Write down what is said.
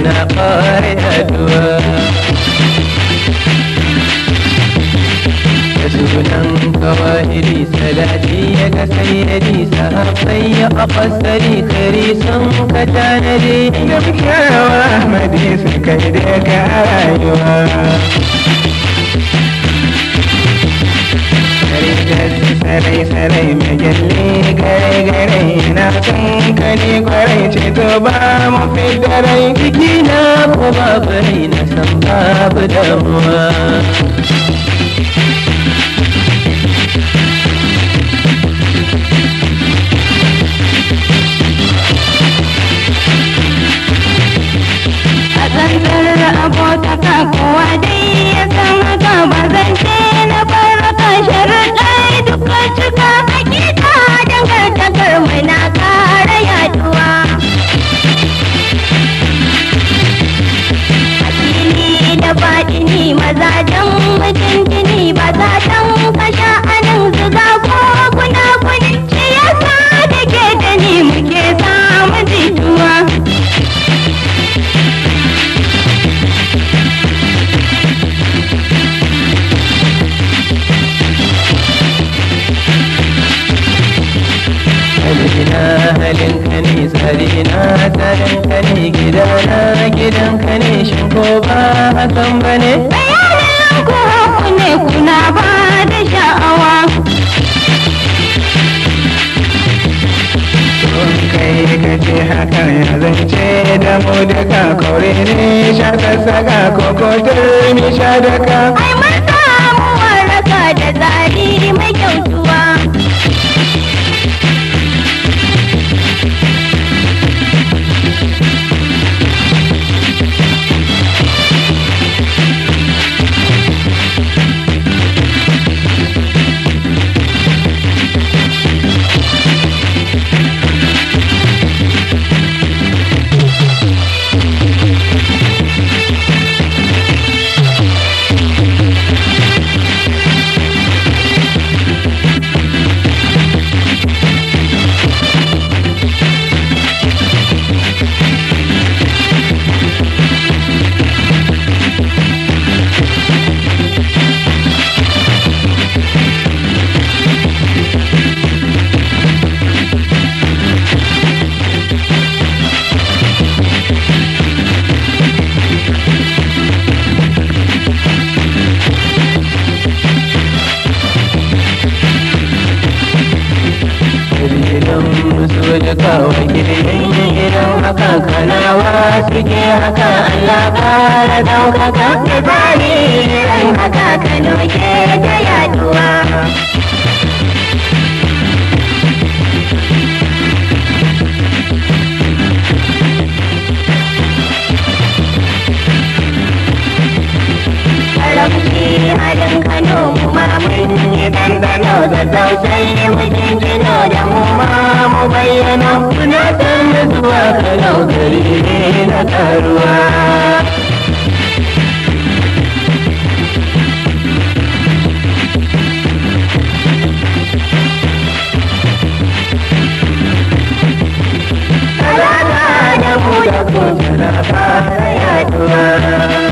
na fara yaduwa da sunan kawahiri salati ya ga sayyadi sahabbai ya afasari kari sun ka tanadi da kyawa madi suka yi daga rayuwa rai ce to ba mafi fidda rai ciki na ko babu na san babu damuwa faɗi ni mazajen mutunci sarina halinka ne sarina sarinka ne gidana gidanka ne shinko ba hakan ba ne bayanin ku ne kuna ba da sha'awa kai ce haka ya zance da mu duka kore ne sha sassaga ko turmi sha daka ai mun samu waraka da zari mai kyautu duka ubangiji gidan haka kanawa suke haka Allah kara daukaka da bari idan haka kano ke ta yaduwa. halin Kano kuma mun yi dandano da tausayi mutum da mu ma bayyana na sanya zuwa kalau gari na karuwa Alaba da mu da kuma na fara yaduwa